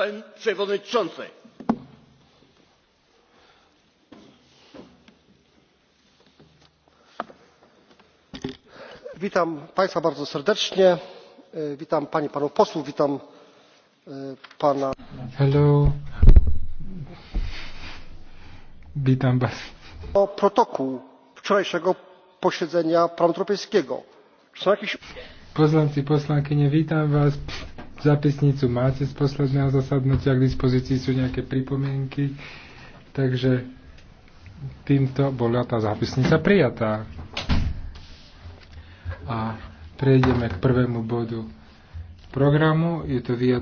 pani przewodniczący! witam państwa bardzo serdecznie witam panie i panów posłów witam e, pana. protokół wczorajszego posiedzenia parlamentu europejskiego. czy są jakieś. poslanci poslankyne witam vás Zapisnicu máte z posledného zasadnutia, k dispozícii sú nejaké pripomienky, takže týmto bola tá zápisnica prijatá. A prejdeme k prvému bodu programu. Je to vyjadrenie